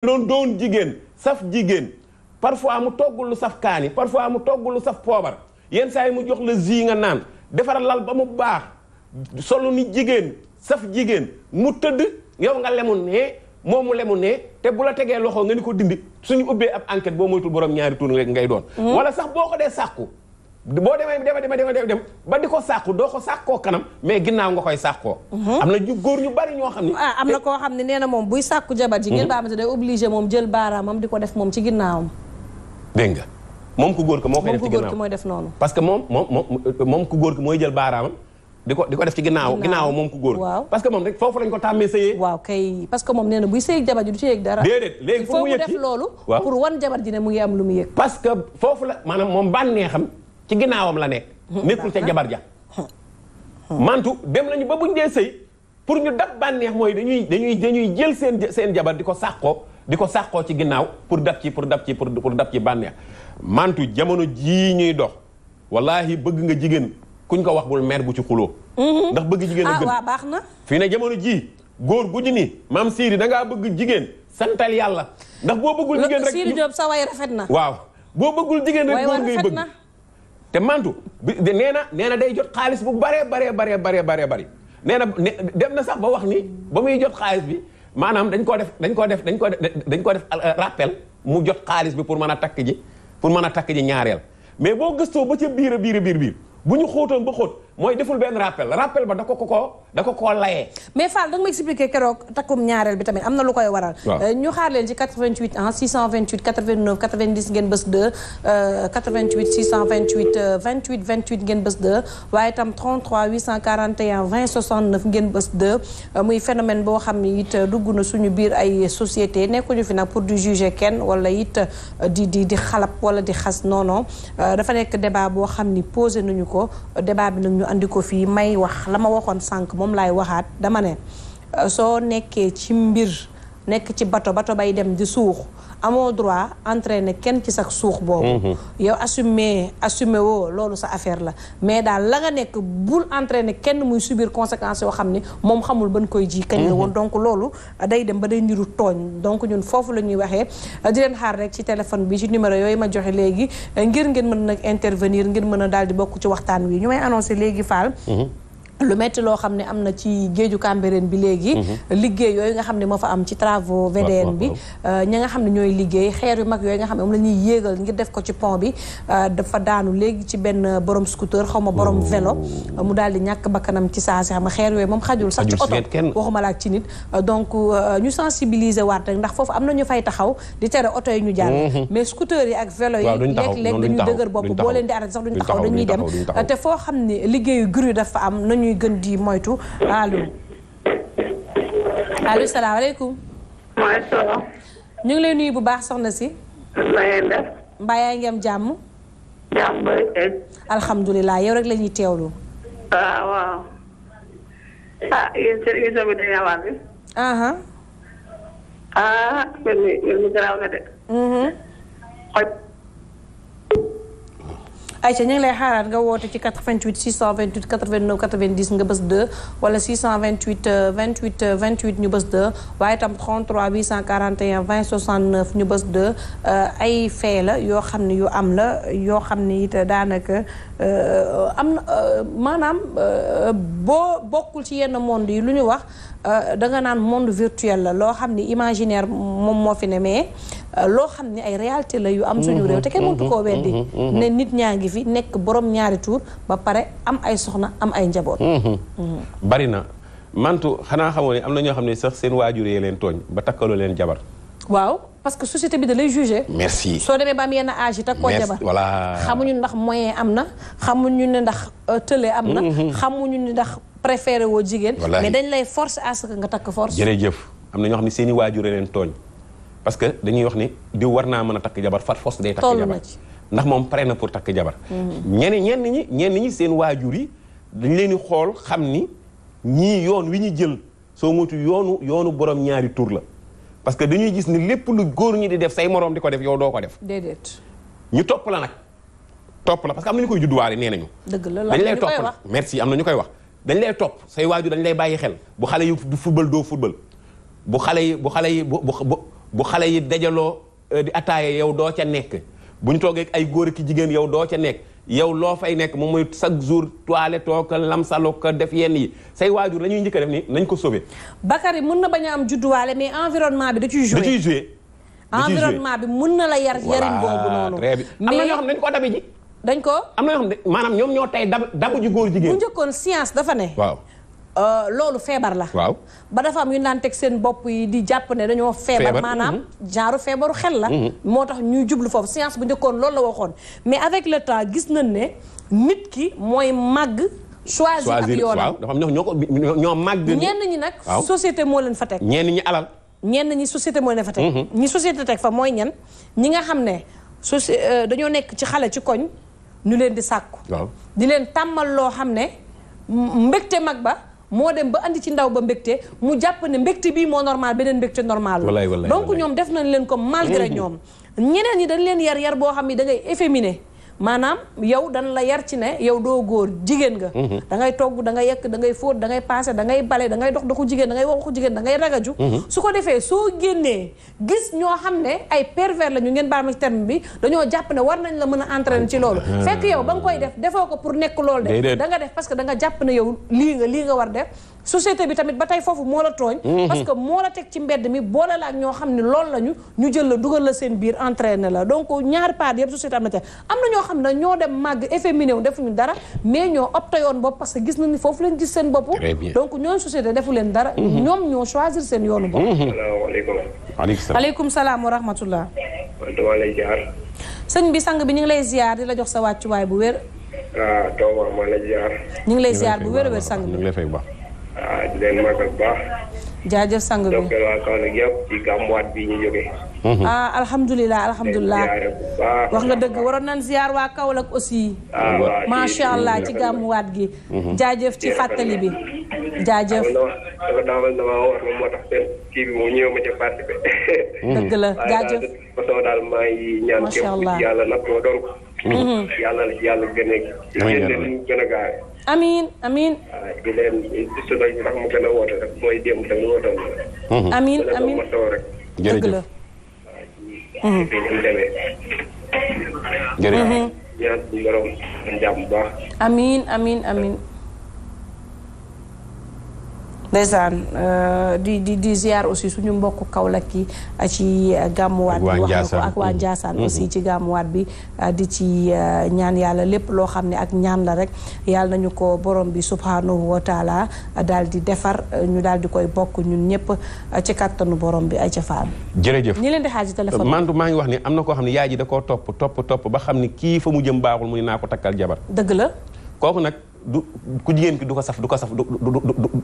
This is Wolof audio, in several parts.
doon doon jigéen saf jigéen parfois mu togg lu saf kaani parfois mu togg lu saf poobar yenn saa yi mu jox la zi nga naan defar lal ba mu baax solu ni jigéen saf jigéen mu tëdd yow nga lemu nee moom mu lemu nee te bu la tegee loxo nga ni ko dindi suñu ubbee ab enquête boo moytul borom ñaari tuun rek ngay doon. Mm-hmm. wala sax boo ko dee sàkku boo demee dema dema dema dem ba di ko sàkku doo ko sàkkoo kanam mais ginnaaw nga koy sàkkoo mhm. am na ñu góor ñu bari ñoo xam ne ah am na koo xam ne nee na moom buy sàkku jabar ji ngeen mhm. ba amante moom jël baaraamam di ko def moom ci ginnaawam nga moom ku góor ki moo koy def ci ginnaaw def noonu parce que moom moom moom ku góor ki mooy jël baaraamam di ko di ko def ci ginnaaw ginnaaw moom ku góor waaw parce que moom rek foofu lañ ko tàmmee sëyee waaw kay parce que moom nee buy sëyeeg jabar ji du ci yëg dara déedéet wan jabar ji ne mu ngi am lu mu yëg parce que foofu la maanaam moom bànnee xam ci ginnaawam la nekk. nekkul ca jabar ja mantu dem nañu ba buñ dee sëy pour ñu dab bànneex mooy dañuy dañuy dañuy jël seen seen jabar di ko sàqoo di ko sàqoo ci ginnaaw pour dab ci pour dab ci pour dab ci bànneex mantu jamono jii ñuy dox wallaahi bëgg nga jigéen kuñ ko wax bul meer bu ci xuloo mm-hmm. ndax bëgg jigéen a gën ah, baax na fii ne jamono jii góor gu ñu ni maam Siiri da ngaa bëgg jigéen santal yàlla ndax boo bëggul jigéen rek sa way na waaw boo bëggul jigéen rek góor ngay bëgg te mantu bi nee na nee na day jot xaalis bu baree baree baree baree baree bëri nee na dem na sax ba wax ni ba muy jot xaalis bi maanaam dañ koo def dañ koo def dañ koo dañ koo def euh, rappel mu jot xaalis bi pour mën a takk ji pour mën a takk ji ñaareel mais boo gëstoo ba ca biir a biir biir biir bu ñu xóotoon ba xóot mooy deful benn rappel rappel ba da ko koo da ko koo layee. mais Fall da nga ma expliqué keroog takkum ñaareel bi tamit am na lu koy waral. Euh, ñu xaar leen ci 88 ah 628 89 90 ngeen bës 2 88 628 28 28 ngeen bës 2 waaye itam 33 841 20 69 ngeen bës 2 euh, muy phénomène boo xam ni it euh, dugg na suñu biir ay société nekkuñu fi nag pour di juger kenn wala it di di di xalab wala di xas non dafa nekk débat boo xam ni posé nañu ko débat bi andi ko fii may wax la ma waxoon sànq moom laay waxaat dama ne euh, soo nekkee ci mbir nekk ci bato bato bay dem di suux amoo droit entraîner kenn ci sax suux boobu mhm. yow assumer assumer woo loolu sa affaire la mais daal la nga nekk bul entraîner kenn muy subir conséquence yoo xam ni moom xamul ban koy ji kañ la woon mhm. donc loolu day dem ba day niru tooñ donc ñun foofu la ñuy waxee di leen xaar rek ci téléphone bi ci numéro yooyu ma joxe léegi ngir ngeen mën nag intervenir ngir mën a daal di bokk ci waxtaan wi ñu may annoncé léegi Fall mhm. lu metti loo xam ne am na ci géeju Cambérène bi léegi mhm. liggéey yooyu nga xam ne moo fa am ci travaux VDN bi euh, ñi nga xam ne ñooy liggéey xeer yu mag yooyu nga xam ne moom la ñuy yéegal ngir def ko ci pont bi euh, dafa daanu léegi ci benn euh, boroom scooter xaw ma borom oh. vélo mu daal di ñàkk bakkanam ci saa si xam nga xeer yooyu moom xajul sax ci oto waxuma laa ci nit donc ñu sensibiliser waat rek ndax foofu am na ñu fay taxaw di tere oto yi ñu jàll mhm. mais scooter yi ak vélo yi léeg-léeg dañuy dëgër bopp boo leen di arrêté sax dem te foo ñuy gën di moytu allo allo salaamaaleykum. maaleykum salaam. ñu ngi lay nuyu bu baax soxna si. na ngeen def. mbaa yaa ngi am jàmm. jàmm ba egg. alhamdulilah yow rek la teewlu. waaw ah, waaw. ah yéen seen émission ah, na de. Mhm. xoj. Aïcha ñu ngi lay xaaraat nga woote ci 88 628 89 90 nga bës 2 wala 628 28 28 ñu bës 2 waaye itam 33 841 20 69 ñu bës 2 euh, ay fee la yoo xam ne yu am la yoo xam ne it daanaka euh, am na euh, maanaam boo bokkul ci yenn monde yi lu ñu wax danga naan monde virtuel la loo xam ne imaginaire moom moo fi ne mais. loo xam ne ay réalité la yu am suñu réew te kenn mëntu koo weddi ne nit ñaa ngi fi nekk borom ñaari tur ba pare am ay soxna am ay njaboot bari na mantu xanaa xamoo am na ñoo xam ne sax seen waajur yee ba takkaloo leen jabar waaw parce que société bi da lay jugé. merci soo demee yenn âge koo jabar voilà xamuñu ndax moyen am na xamuñu ne ndax euh, télé am na mm-hmm. xamuñu ne ndax préféré woo jigéen mais dañ lay force à ce nga takk force jërëjëf am na ñoo xam ne seen i waajur yee leen tooñ parce que dañuy wax ni diw war naa mën a takk jabar fat fos day takk jabar ndax moom pare na pour takk jabar mhm. ñeneen ñenn ñi ñenn ñi seen waajur yi dañ leen di xool xam ni ñi yoon wi ñu jël soo moytu yoonu yoonu borom ñaari tur la parce que dañuy gis ni lépp lu góor ñi di def say moroom di ko def yow doo ko def déedéet ñu topp la nag topp la parce que am na ñu koy judduwaale nee nañu dëgg la dañ lay topp la merci am na ñu koy wax dañ lay topp say waajur dañ lay bàyyi xel bu xale yi du football doo football bu xale yi bu xale yi bu bu xale yi dajaloo euh, di ataaye yow doo ca nekk bu ñu toogee ay góor ki jigéen yow doo ca nekk yow loo fay nekk moom mooy chaque jour toilette too ko lamsaloo ko def yenn yi say waajur la ñuy njëkk a def ni nañ ko sauver. Bakary mën na bañ am judduwaale mais environnement bi da ciy joué da ciy joué. environnement bi mën na la yar yarin boobu noonu. très bien am na ñoo xam ne dañ ko dabi ji. dañ ko am na ñoo xam ne maanaam ñoom ñoo tey dabu dabu ji góor jigéen. bu njëkkoon science dafa ne. waaw. Euh, loolu feebar la. waaw ba dafa am yu naan teg seen bopp yi di jàpp ne dañoo. feebar maanaam genre mhm. feebaru xel la. Mhm. moo tax ñuy jublu foofu science bu njëkkoon loolu la waxoon. mais avec le temps gis nañ ne nit ki mooy màgg. choisir ak yoonam dafa am ñoo ko ñoo màgg. ñenn ñi nag. société moo leen fa teg. ñenn ñi alal. ñenn ñi société moo leen fa teg. Mhm. ñi société teg fa mooy ñan ñi nga xam ne soci euh, dañoo nekk ci xale ci koñ ñu leen di sàkku. di leen tàmmal loo xam ne mbégte mag ba. moo dem ba indi ci ndaw ba mbégte mu jàpp ne mbégte bii moo normal beneen mbégte normal donc ñoom def nañ leen ko malgré ñoom ñeneen ñi dañ leen yar yar boo xam ne dangay ngay maanaam yow dan la yar ci ne yow doo góor jigéen nga mhm. da ngay togg da ngay yekk da ngay fóot da ngay paase da ngay bale da ngay dox doxu jigéen da ngay waxu jigéen da ngay ragaju mhm. su ko defee soo génnee gis ñoo xam ne ay pervers la ñu ngeen baal ma ci bi dañoo jàpp ne war nañ la mën a entraîner ci loolu ah. fekk yow ba nga koy def defoo ko pour nekk lool de da nga def parce que da jàpp ne yow lii nga lii nga war def société bi tamit ba tey foofu moo la tooñ mhm. parce moo la teg ci mbedd mi boole la ak ñoo xam ne loolu lañu ñu jël la dugal la seen biir entraîné la donc ñaari part yëpp société am na te am na ñoo xam ne ñoo dem màgg efféminé wu defuñu dara mais ñoo opté yoon bopp parce que gis nañu foofu leen gis seen bopp donc ñooñu société defu leen dara mhm. ñoom ñoo choisir seen yoonu bopp mhm. salaamaaleykum aleykum salaam wa rahmatullah bi sang bi ñu ngi lay ziar di la jox sa wàccuwaay bu wér ah dooma ma lay ñu ngi lay ziar bu wér a wér sang bi ñu waaw ah, di leen magal bu baax. jaajëf sang bi donc waa ñu jógee. Mhm. ah alhamdulilah alhamdulilah. wax nga dëgg waroon nañ ziar waa Kaolack aussi. Ah, waaw macha allah ci gàmmuwaat gi. Mhm. jaajëf ci fàttali bi. jaajëf dafa daamal kii bi moom mhm. ko. yàlla a. a gaawee. amiin amiin. Ah, di leen di su doy sax mu gën a woote rek mooy démb tamit wootoon na. amiin amiin ma taw rek. jërëjëf mhm. jërëjëf. ñaan mhm. borom jàmm bu baax. amiin amiin amiin. ndeysaan euh, di di di ziar aussi suñu mbokk Kaolack yi euh, ci euh, gàmmuwaat bi wax na ak waa Njaasaan mm-hmm. aussi ci gàmmuwaat bi di ci ñaan yàlla lépp loo xam ne ak ñaan la rek yàlla na ñu ko borom bi subhanahu wa taala daal di defar ñu daal di koy bokk ñun ñëpp ci kàttanu borom bi ay ca faam jërëjëf ñi leen di xaaj téléphone mandu maa ngi wax ni am na koo xam ne yaay ji da koo topp topp topp ba xam ne kii fa mu jëm baaxul mu ne naa ko takkal jabar dëgg la kooku nag du ku jigéen ki du ko saf du ko saf du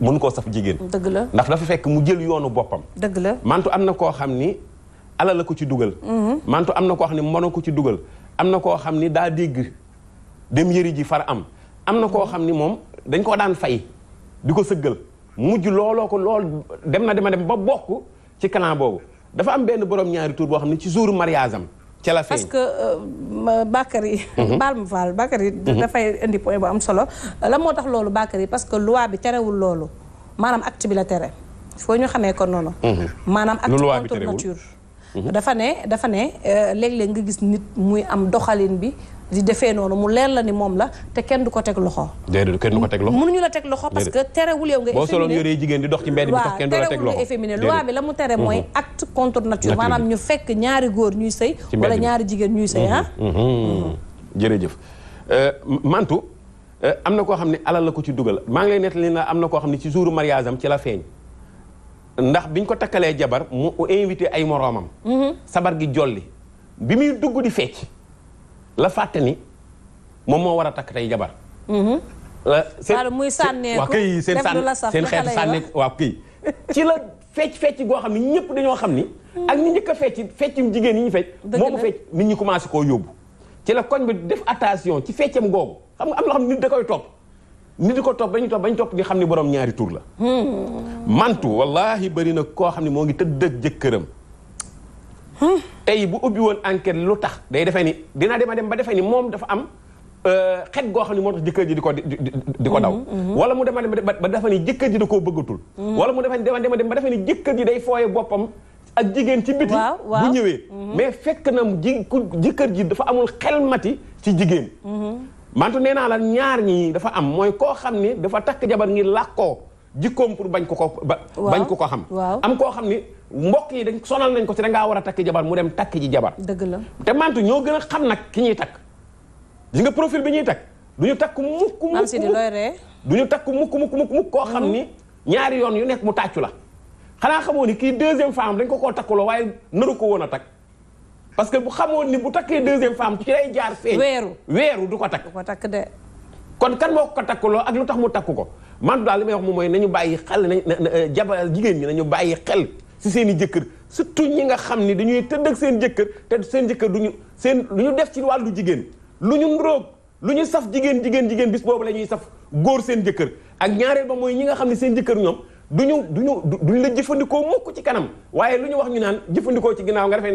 mënu koo saf jigéen. dëgg la ndax dafa fekk mu jël yoonu boppam. dëgg la mantu am na koo xam ni alal la ko ci dugal. Mhm. mantu am na koo xam ni mën ko ci dugal. am na koo xam ni daa dégg dem yëri ji far am am na koo xam ni moom dañ koo daan fay di ko sëggal mujj looloo ko lool dem na dema dem ba bokk ci clan boobu dafa am benn borom ñaari tur boo xam ne ci jouru mariage am. ca parce que euh, Bakary. Mhm. baal ma faal Bakary. Mhm. dafay indi point bu am solo. la moo tax loolu yi parce que loi bi terewul loolu maanaam acte bi la tere foo ñu xamee ko noonu. Mhm. maanaam acte contre nature. dafa ne dafa ne euh, léeg-léeg nga gis nit muy am doxalin bi. di defee noonu mu leer la ni moom la te kenn du ko teg loxo. déedéet kenn du ko teg loxo mënuñu la teg loxo parce que terewul yow nga efféminé boo soloon yore jigéen di dox ci mbedd bi sax kenn du la teg mu tere mhm. mooy acte contre nature maanaam ñu fekk ñaari góor ñuy sëy wala ñaari jigéen ñuy sëy ah mhm. Mhm. jërëjëf euh, mantu euh, am na koo xam ne alal la ko ci dugal maa ngi lay nettali na am na koo xam ne ci jouru mariage am ci la feeñ ndax biñ ko takkalee jabar mu invité ay moroomam sabar gi jolli bi muy dugg di fecc la fàtte ni moom moo war a takk tey jabar. Mhm. la seen muy sànneeku waaw kay seen sàn seen xeetu sànneeku waaw kay ci la fecc fecc goo xam ne ñëpp dañoo xam ni. Mhm. ak ñu njëkk a fecc feccum jigéen yi ñu fecc. moomu fecc nit ñu commencé koo yóbbu. ci la koñ bi def attention ci feccam googu xam nga am loo xam nit da koy topp. nit di ko topp bañu topp bañu topp di xam ni boroom ñaari tur la. Hmm. mantu wallahi bëri na koo xam ne moo ngi tëdd ak jëkkëram. Hmm. tey bu ubbi woon enquête lu tax day defe ni dina dem a dem ba defe ni moom dafa am euh, xet goo xam ne moo tax jëkkër ji di ko di ko daw mm-hmm, mm-hmm. wala mu dema dem ba defe ni jëkkër ji da koo bëggatul mm-hmm. wala mu defe ni dema dem ba defe ni jëkkër ji day fooye boppam ak jigéen ci biti bu ñëwee mais fekk na ji jëkkër ji dafa amul xel mati ci jigéen mantu nee naa la ñaar ñi dafa am mooy koo xam ne dafa takk jabar ngir làkkoo jikkoom pour bañ ko ko bañ ko ko xam am koo xam ni mbokk yi dañ sonal nañ ko ci da war a takk jabar mu dem takk ji jabar. dëgg la te mantu ñoo gën a xam nag ki ñuy takk. li nga profil bi ñuy takk du ñu takk mukk mukk maam si ree du ñu takk mukk mukk mukk mukk koo xam ni mhm. ñaari yoon yu nekk mu tàccu la. xanaa xamoo ni kii deuxième femme dañ ko koo takkuloo waaye naru ko woon a takk parce que bu xamoon ni bu takkee deuxième femme ci lay jaar feeñ. weeru weeru du ko takk du ko takk de. kon kan moo ko takkuloo ak lu tax mu takk ko man daal li may wax moom mooy nañu bàyyi xel nañu euh, jaba jigéen ñi nañu bàyyi xel si seen i jëkkër surtout ñi nga xam ni dañuy tëdd ak seen jëkkër te seen jëkkër du ñu seen lu ñu def ci wàllu jigéen lu ñu nroog lu ñu saf jigéen jigéen jigéen bis boobu la ñuy saf góor seen jëkkër ak ñaareel ba mooy ñi nga xam ne seen jëkkër ñoom du ñu duñu duñu duñu la jëfandikoo mukk ci kanam waaye lu ñu wax ñu naan jëfandikoo ci ginnaaw nga defee